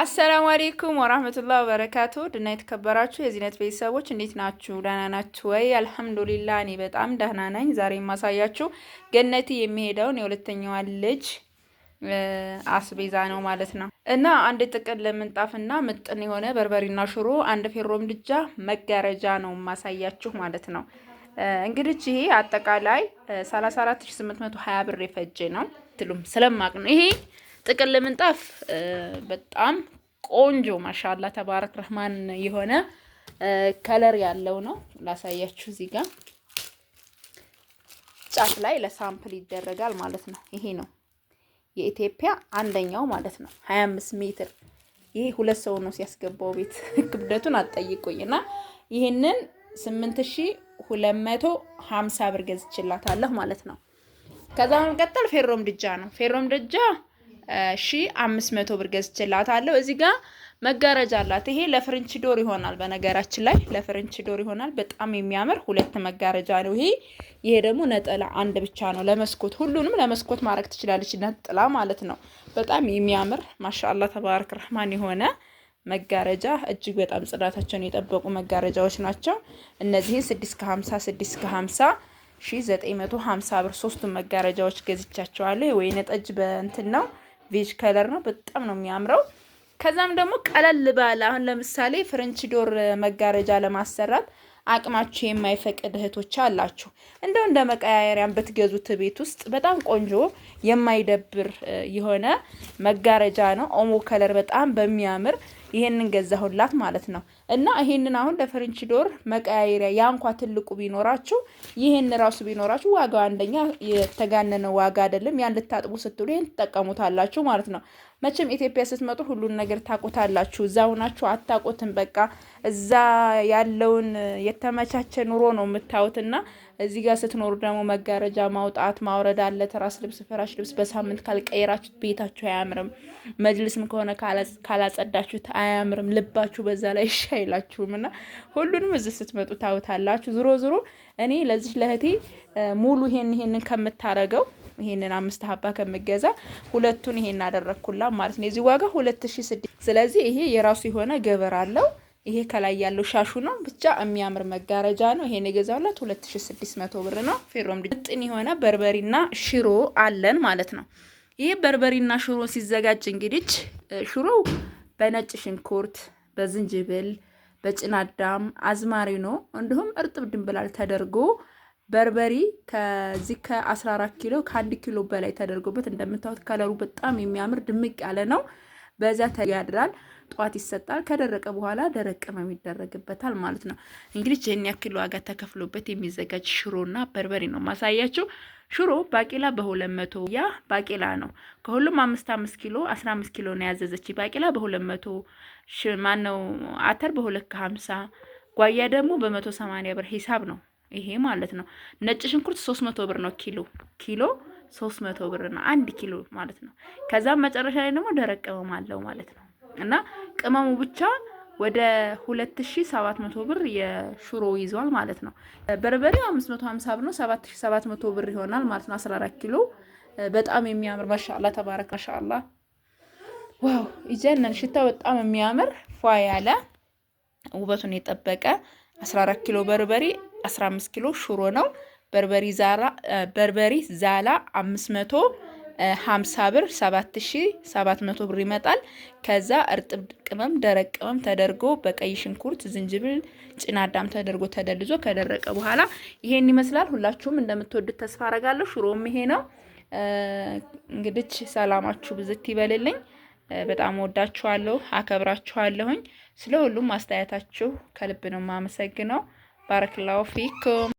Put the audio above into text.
አሰላሙ አሌይኩም ወራህመቱላህ ወበረካቱ ድና የተከበራችሁ የዚህነት ቤተሰቦች እንዴት ናችሁ? ደህና ናችሁ ወይ? አልሐምዱሊላ እኔ በጣም ደህና ነኝ። ዛሬ የማሳያችሁ ገነቲ የሚሄደውን የሁለተኛዋን ልጅ አስቤዛ ነው ማለት ነው እና አንድ ጥቅል ምንጣፍና ምጥን የሆነ በርበሬና ሽሮ፣ አንድ ፌሮ ምድጃ መጋረጃ ነው የማሳያችሁ ማለት ነው። እንግዲህ ይሄ አጠቃላይ 34820 ብር የፈጀ ነው ትሉም ስለማቅ ነው ይሄ ጥቅል ምንጣፍ በጣም ቆንጆ ማሻላ ተባረክ ረህማን የሆነ ከለር ያለው ነው። ላሳያችሁ እዚህ ጋር ጫፍ ላይ ለሳምፕል ይደረጋል ማለት ነው። ይሄ ነው የኢትዮጵያ አንደኛው ማለት ነው 25 ሜትር። ይሄ ሁለት ሰው ነው ሲያስገባው ቤት ክብደቱን አትጠይቁኝና ይሄንን 8250 ብር ገዝችላታለሁ ማለት ነው። ከዛ በመቀጠል ፌሮ ምድጃ ነው። ፌሮ ምድጃ ሺ አምስት መቶ ብር ገዝቼላታለሁ። እዚህ ጋር መጋረጃ አላት። ይሄ ለፍርንች ዶር ይሆናል። በነገራችን ላይ ለፍርንች ዶር ይሆናል። በጣም የሚያምር ሁለት መጋረጃ ነው ይሄ። ይሄ ደግሞ ነጠላ አንድ ብቻ ነው ለመስኮት። ሁሉንም ለመስኮት ማድረግ ትችላለች ነጠላ ማለት ነው። በጣም የሚያምር ማሻአላ ተባረክ ረህማን የሆነ መጋረጃ እጅግ በጣም ጽዳታቸውን የጠበቁ መጋረጃዎች ናቸው። እነዚህን ስድስት ከሀምሳ ስድስት ከሀምሳ ሺ ዘጠኝ መቶ ሀምሳ ብር ሶስቱን መጋረጃዎች ገዝቻቸዋለሁ። ወይን ጠጅ በእንትን ነው ቤጅ ከለር ነው። በጣም ነው የሚያምረው። ከዛም ደግሞ ቀለል ባለ አሁን ለምሳሌ ፍሬንች ዶር መጋረጃ ለማሰራት አቅማችሁ የማይፈቅድ እህቶች አላችሁ። እንደው እንደ መቀያየሪያን ብትገዙት ቤት ውስጥ በጣም ቆንጆ የማይደብር የሆነ መጋረጃ ነው። ኦሞ ከለር በጣም በሚያምር ይሄንን ገዛሁላት ማለት ነው። እና ይሄንን አሁን ለፈረንች ዶር መቀያየሪያ ያ እንኳ ትልቁ ቢኖራችሁ ይሄን ራሱ ቢኖራችሁ ዋጋው አንደኛ የተጋነነ ዋጋ አይደለም። ያን ልታጥቡ ስትሉ ይሄን ትጠቀሙታላችሁ ማለት ነው። መቼም ኢትዮጵያ ስትመጡ ሁሉን ነገር ታቁታላችሁ እዛ ሆናችሁ አታውቁትም። በቃ እዛ ያለውን የተመቻቸ ኑሮ ነው የምታዩትና እዚህ ጋር ስትኖሩ ደግሞ መጋረጃ ማውጣት ማውረድ አለ። ትራስ ልብስ፣ ፍራሽ ልብስ በሳምንት ካልቀየራችሁት ቤታችሁ አያምርም። መጅልስም ከሆነ ካላጸዳችሁት አያምርም። ልባችሁ በዛ ላይ እሺ አይላችሁም እና ሁሉንም እዚህ ስትመጡ ታውታላችሁ። ዝሮ ዝሮ እኔ ለዚህ ለእህቴ ሙሉ ይሄን ይሄንን ከምታረገው ይሄንን አምስት ሀባ ከምገዛ ሁለቱን ይሄን አደረግኩላ ማለት ነው። የዚህ ዋጋ ሁለት ሺ ስድስት ስለዚህ ይሄ የራሱ የሆነ ገበር አለው። ይሄ ከላይ ያለው ሻሹ ነው። ብቻ የሚያምር መጋረጃ ነው። ይሄን የገዛሁላት 2600 ብር ነው። ፌሮም ጥን የሆነ በርበሪና ሽሮ አለን ማለት ነው። ይሄ በርበሪና ሽሮ ሲዘጋጅ እንግዲህ ሽሮ በነጭ ሽንኩርት፣ በዝንጅብል፣ በጭናዳም አዝማሪ ነው እንዲሁም እርጥብ ድንብላል ተደርጎ በርበሪ ከዚህ ከ14 ኪሎ ከ1 ኪሎ በላይ ተደርጎበት እንደምታዩት ከለሩ በጣም የሚያምር ድምቅ ያለ ነው። በዛ ተያድራል። ጠዋት ይሰጣል። ከደረቀ በኋላ ደረቅ ቅመም ይደረግበታል ማለት ነው። እንግዲህ ይህን ያክል ዋጋ ተከፍሎበት የሚዘጋጅ ሽሮና በርበሬ ነው ማሳያችሁ። ሽሮ ባቄላ በሁለት መቶ ያ ባቄላ ነው። ከሁሉም አምስት አምስት ኪሎ አስራ አምስት ኪሎ ነው ያዘዘች ባቄላ በሁለት መቶ ማነው አተር በሁለት ከሀምሳ ጓያ ደግሞ በመቶ ሰማንያ ብር ሂሳብ ነው ይሄ ማለት ነው። ነጭ ሽንኩርት ሶስት መቶ ብር ነው ኪሎ ኪሎ ሶስት ብር ነው አንድ ኪሎ ማለት ነው። ከዛም መጨረሻ ላይ ደግሞ ደረቅ ቅመም አለው ማለት ነው እና ቅመሙ ብቻ ወደ 2700 ብር የሽሮ ይዟል ማለት ነው። በርበሬው 550 ብር ነው 7700 ብር ይሆናል ማለት ነው። 14 ኪሎ በጣም የሚያምር ማሻአላ ተባረክ ማሻአላ ዋው ይዘነን ሽታ በጣም የሚያምር ፏ ያለ ውበቱን የጠበቀ 14 ኪሎ በርበሬ 15 ኪሎ ሽሮ ነው። በርበሪ ዛላ 550 ብር 7700 ብር ይመጣል። ከዛ እርጥብ ቅመም፣ ደረቅ ቅመም ተደርጎ በቀይ ሽንኩርት፣ ዝንጅብል፣ ጭናዳም ተደርጎ ተደልዞ ከደረቀ በኋላ ይሄን ይመስላል። ሁላችሁም እንደምትወዱት ተስፋ አረጋለሁ። ሽሮም ይሄ ነው። እንግዲህ ሰላማችሁ ብዝት ይበልልኝ። በጣም ወዳችኋለሁ፣ አከብራችኋለሁኝ። ስለ ሁሉም አስተያየታችሁ ከልብ ነው የማመሰግነው። para que lo fico.